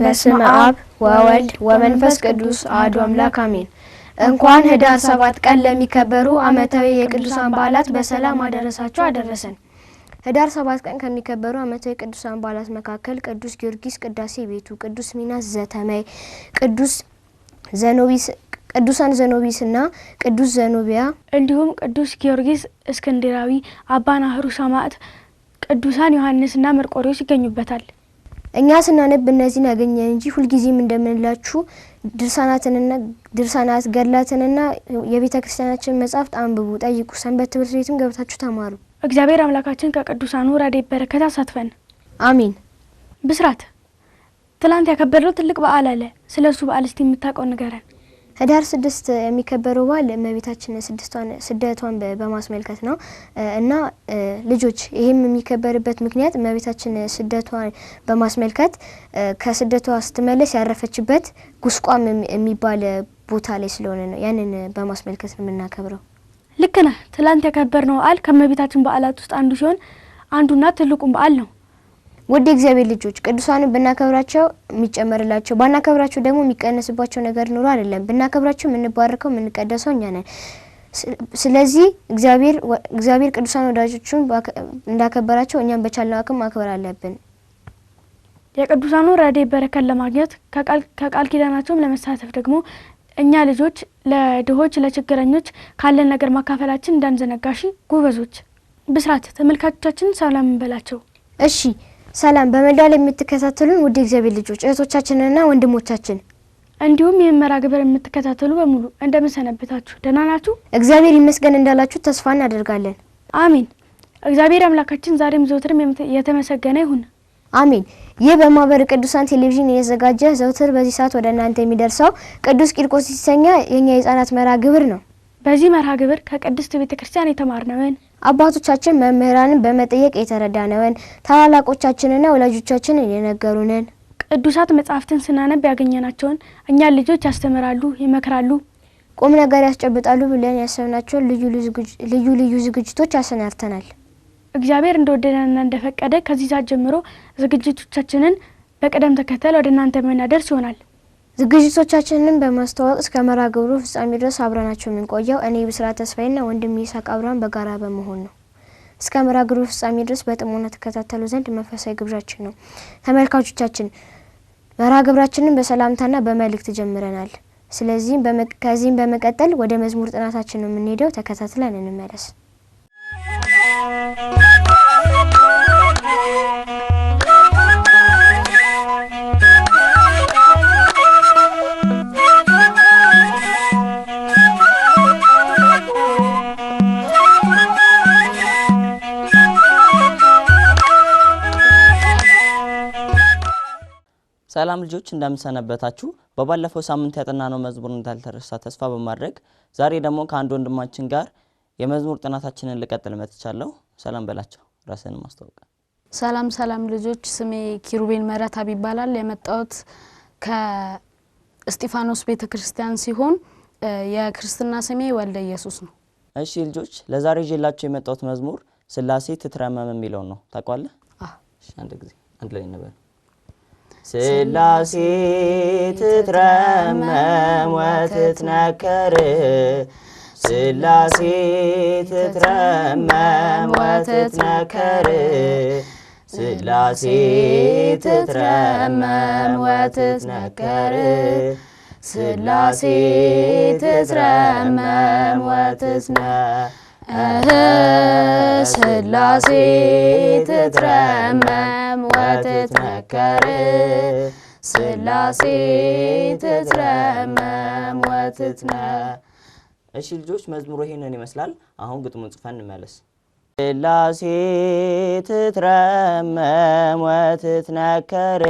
በስመ አብ ወወልድ ወመንፈስ ቅዱስ አሐዱ አምላክ አሜን። እንኳን ህዳር ሰባት ቀን ለሚከበሩ ዓመታዊ የቅዱሳን በዓላት በሰላም አደረሳችሁ አደረሰን። ህዳር ሰባት ቀን ከሚከበሩ ዓመታዊ ቅዱሳን በዓላት መካከል ቅዱስ ጊዮርጊስ ቅዳሴ ቤቱ፣ ቅዱስ ሚናስ ዘተመይ፣ ቅዱስ ዘኖቢስ ቅዱሳን ዘኖቢስ እና ቅዱስ ዘኖቢያ እንዲሁም ቅዱስ ጊዮርጊስ እስክንድራዊ፣ አባ ናህሩ ሰማዕት፣ ቅዱሳን ዮሐንስና መርቆሪዎስ ይገኙበታል። እኛ ስናነብ እነዚህን ያገኘን እንጂ ሁልጊዜም እንደምንላችሁ ድርሳናትንና ድርሳናት ገድላትንና የቤተ ክርስቲያናችን መጻሕፍት አንብቡ፣ ጠይቁ፣ ሰንበት ትምህርት ቤትም ገብታችሁ ተማሩ። እግዚአብሔር አምላካችን ከቅዱሳኑ ረድኤት በረከት አሳትፈን፣ አሚን። ብስራት፣ ትላንት ያከበርነው ትልቅ በዓል አለ። ስለ እሱ በዓል እስቲ የምታውቀው ንገረን። ህዳር ስድስት የሚከበረው በዓል እመቤታችን ስድስቷን ስደቷን በማስመልከት ነው እና ልጆች ይህም የሚከበርበት ምክንያት እመቤታችን ስደቷን በማስመልከት ከስደቷ ስትመለስ ያረፈችበት ጉስቋም የሚባል ቦታ ላይ ስለሆነ ነው። ያንን በማስመልከት ነው የምናከብረው። ልክ ነህ። ትላንት ያከበር ነው በዓል ከእመቤታችን በዓላት ውስጥ አንዱ ሲሆን አንዱና ትልቁም በዓል ነው። ውድ እግዚአብሔር ልጆች ቅዱሳንን ብናከብራቸው የሚጨመርላቸው ባናከብራቸው ደግሞ የሚቀነስባቸው ነገር ኑሮ አይደለም። ብናከብራቸው የምንባርከው የምንቀደሰው እኛ ነን። ስለዚህ እግዚአብሔር ቅዱሳን ወዳጆቹን እንዳከበራቸው እኛም በቻልነው አቅም ማክበር አለብን። የቅዱሳኑ ረዴ በረከት ለማግኘት ከቃል ኪዳናቸውም ለመሳተፍ ደግሞ እኛ ልጆች ለድሆች ለችግረኞች ካለን ነገር ማካፈላችን እንዳንዘነጋሽ። ጎበዞች ብስራት ተመልካቾቻችን ሰላም እንበላቸው። እሺ ሰላም በመላው የምትከታተሉን ውድ እግዚአብሔር ልጆች እህቶቻችንና ወንድሞቻችን እንዲሁም ይህን ግብር የምትከታተሉ በሙሉ እንደምንሰነብታችሁ ደህና ናችሁ? እግዚአብሔር ይመስገን እንዳላችሁ ተስፋ እናደርጋለን። አሜን። እግዚአብሔር አምላካችን ዛሬም ዘውትርም የተመሰገነ ይሁን። አሜን። ይህ በማህበረ ቅዱሳን ቴሌቪዥን የተዘጋጀ ዘውትር በዚህ ሰዓት ወደ እናንተ የሚደርሰው ቅዱስ ቂርቆስ የተሰኘ የኛ የህጻናት መራ ግብር ነው። በዚህ መርሃ ግብር ከቅድስት ቤተ ክርስቲያን የተማርነውን አባቶቻችን መምህራንን በመጠየቅ የተረዳነውን ታላላቆቻችንና ወላጆቻችንን የነገሩንን ቅዱሳት መጻሕፍትን ስናነብ ያገኘናቸውን እኛን ልጆች ያስተምራሉ፣ ይመክራሉ፣ ቁም ነገር ያስጨብጣሉ ብለን ያሰብናቸውን ልዩ ልዩ ዝግጅቶች አሰናድተናል። እግዚአብሔር እንደወደደና እንደፈቀደ ከዚህ ሰዓት ጀምሮ ዝግጅቶቻችንን በቅደም ተከተል ወደ እናንተ የምናደርስ ይሆናል። ዝግጅቶቻችንን በማስተዋወቅ እስከ መርሃ ግብሩ ፍጻሜ ድረስ አብረናቸው የምንቆየው እኔ ብስራት ተስፋዬና ወንድም ይስሐቅ አብርሃም በጋራ በመሆን ነው። እስከ መርሃ ግብሩ ፍጻሜ ድረስ በጥሞና ተከታተሉ ዘንድ መንፈሳዊ ግብዣችን ነው። ተመልካቾቻችን መርሃ ግብራችንን በሰላምታና በመልእክት ጀምረናል። ስለዚህም ከዚህም በመቀጠል ወደ መዝሙር ጥናታችን ነው የምንሄደው። ተከታትለን እንመለስ። ሰላም ልጆች እንደምንሰነበታችሁ። በባለፈው ሳምንት ያጠናነው መዝሙር እንዳልተረሳ ተስፋ በማድረግ ዛሬ ደግሞ ከአንድ ወንድማችን ጋር የመዝሙር ጥናታችንን ልቀጥል መጥቻለሁ። ሰላም በላቸው፣ ራስህንም ማስታወቅ። ሰላም ሰላም ልጆች፣ ስሜ ኪሩቤን መረታብ ይባላል። የመጣሁት ከእስጢፋኖስ ቤተ ክርስቲያን ሲሆን የክርስትና ስሜ ወልደ ኢየሱስ ነው። እሺ ልጆች፣ ለዛሬ ይዤላችሁ የመጣሁት መዝሙር ስላሴ ትትረመም የሚለውን ነው። ታውቀዋለህ? አንድ ጊዜ አንድ ላይ ነበር ስላሴ ትትረመም ወትትነከር ስላሴ ትትረመም ወትትነከር ስላሴ ትትረመም ወትትነከር ስላሴ ትትረመም ወትትነ ስላሴ ትትረመም ትቅደም ወትትመከር ስላሴ ትትረመም ወትትነ። እሺ ልጆች መዝሙሩ ይሄንን ይመስላል። አሁን ግጥሙን ጽፈን እንመለስ። ስላሴ ትትረመም ወትትነከር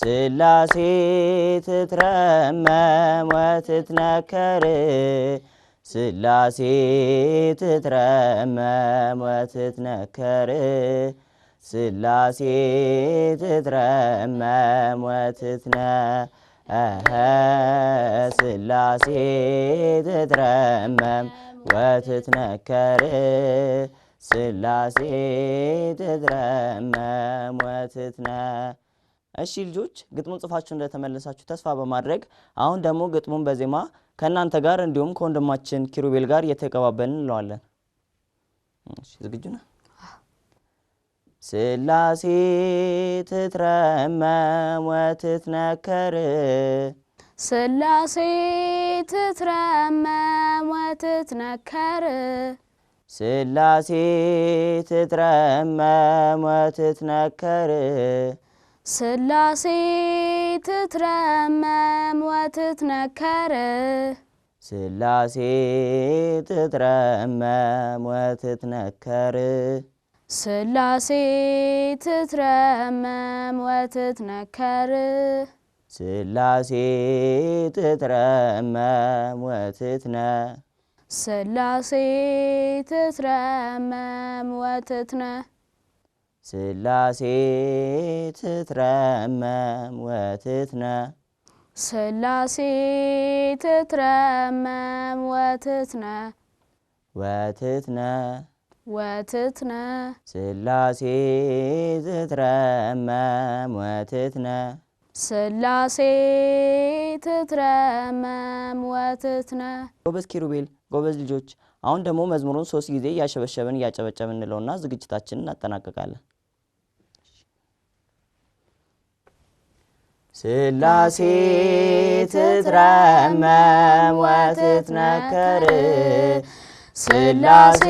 ስላሴ ትትረመም ወትትነከር ስላሴ ትትረመም ወትትነከር ስላሴ ትትረመም ወትትነ ስላሴ ትትረመም ወትትነከር ስላሴ ትትረመም ወትትነ። እሺ ልጆች ግጥሙን ጽፋችሁ እንደተመለሳችሁ ተስፋ በማድረግ አሁን ደግሞ ግጥሙን በዜማ ከእናንተ ጋር እንዲሁም ከወንድማችን ኪሩቤል ጋር እየተቀባበልን እንለዋለን። ዝግጁ ነህ? سلاسي تترمم وتتنكر سلاسي تترمم وتتنكر سلاسي تترمم وتتنكر سلاسي تترمم وتتنكر سلاسي تترمم وتتنكر ስላሴ ትትረመም ወትትነከር ስላሴ ትትረመም ወትትነ ስላሴ ትትረመም ወትትነ ስላሴ ትትረመም ወትትነ ስላሴ ትትረመም ወትትነ ወትትነ ወትትነ ስላሴ ትትረመም ወትትነ ስላሴ ትትረመም ወትትነ። ጎበዝ ኪሩቤል፣ ጎበዝ ልጆች። አሁን ደግሞ መዝሙሩን ሶስት ጊዜ እያሸበሸብን እያጨበጨብን እንለውና ዝግጅታችንን እናጠናቀቃለን። ስላሴ ትትረመም ወትትነክር ስላሴ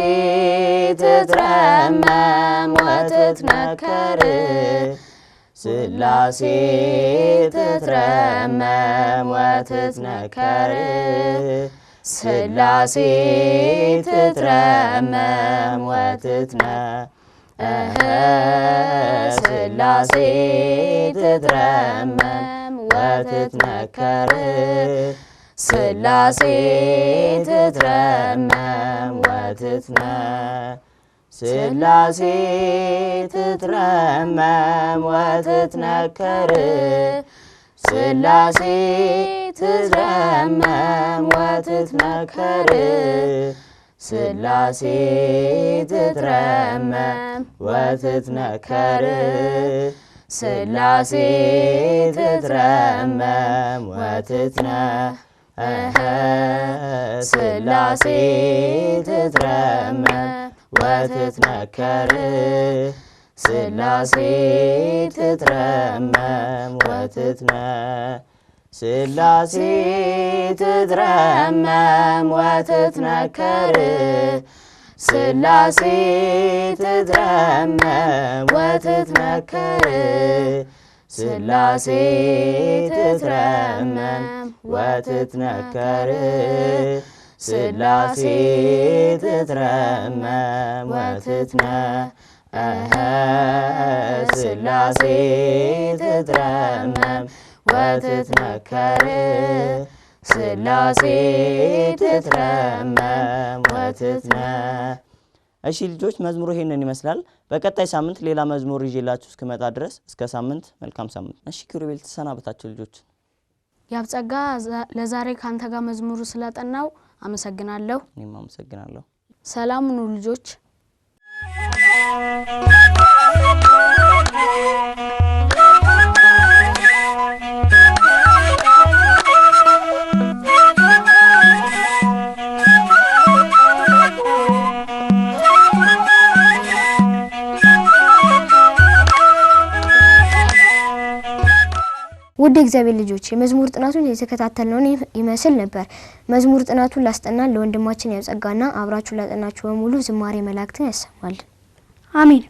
ትትረመም ወትትመከር ስላሴ ትትረመም ወትትነከር ስላሴ ትትረመም ወትትነ ስላሴ ትትረመም ወትትነከር سلاسي تترمم وتتنكر سلاسي تترمم وتتنكر سلاسي تترمم وتتنكر سلاسي تترمم وتتنكر سلاسي تدرمم وتتنكر سلاسي وتتنكر سلاسي تدرمم وتتنكر سلاسي وتتنكر سلاسي تترمم وتتنكر سلاسي تترمم وتتنكر سلاسي تترمم وتتنكر سلاسي تترمم وتتنكر እሺ ልጆች መዝሙሩ ይሄንን ይመስላል። በቀጣይ ሳምንት ሌላ መዝሙር ይዤላችሁ እስክመጣ ድረስ እስከ ሳምንት መልካም ሳምንት። እሺ ኪሩቤል ተሰናበታችሁ ልጆች። ያብጸጋ ለዛሬ ካንተ ጋር መዝሙሩ ስለጠናው አመሰግናለሁ። እኔም አመሰግናለሁ። ሰላም ኑ ልጆች። ውድ እግዚአብሔር ልጆች የመዝሙር ጥናቱን የተከታተልነውን ይመስል ነበር። መዝሙር ጥናቱን ላስጠናን ለወንድማችን ያጸጋና አብራችሁ ላጠናችሁ በሙሉ ዝማሬ መላእክትን ያሰማል። አሜን።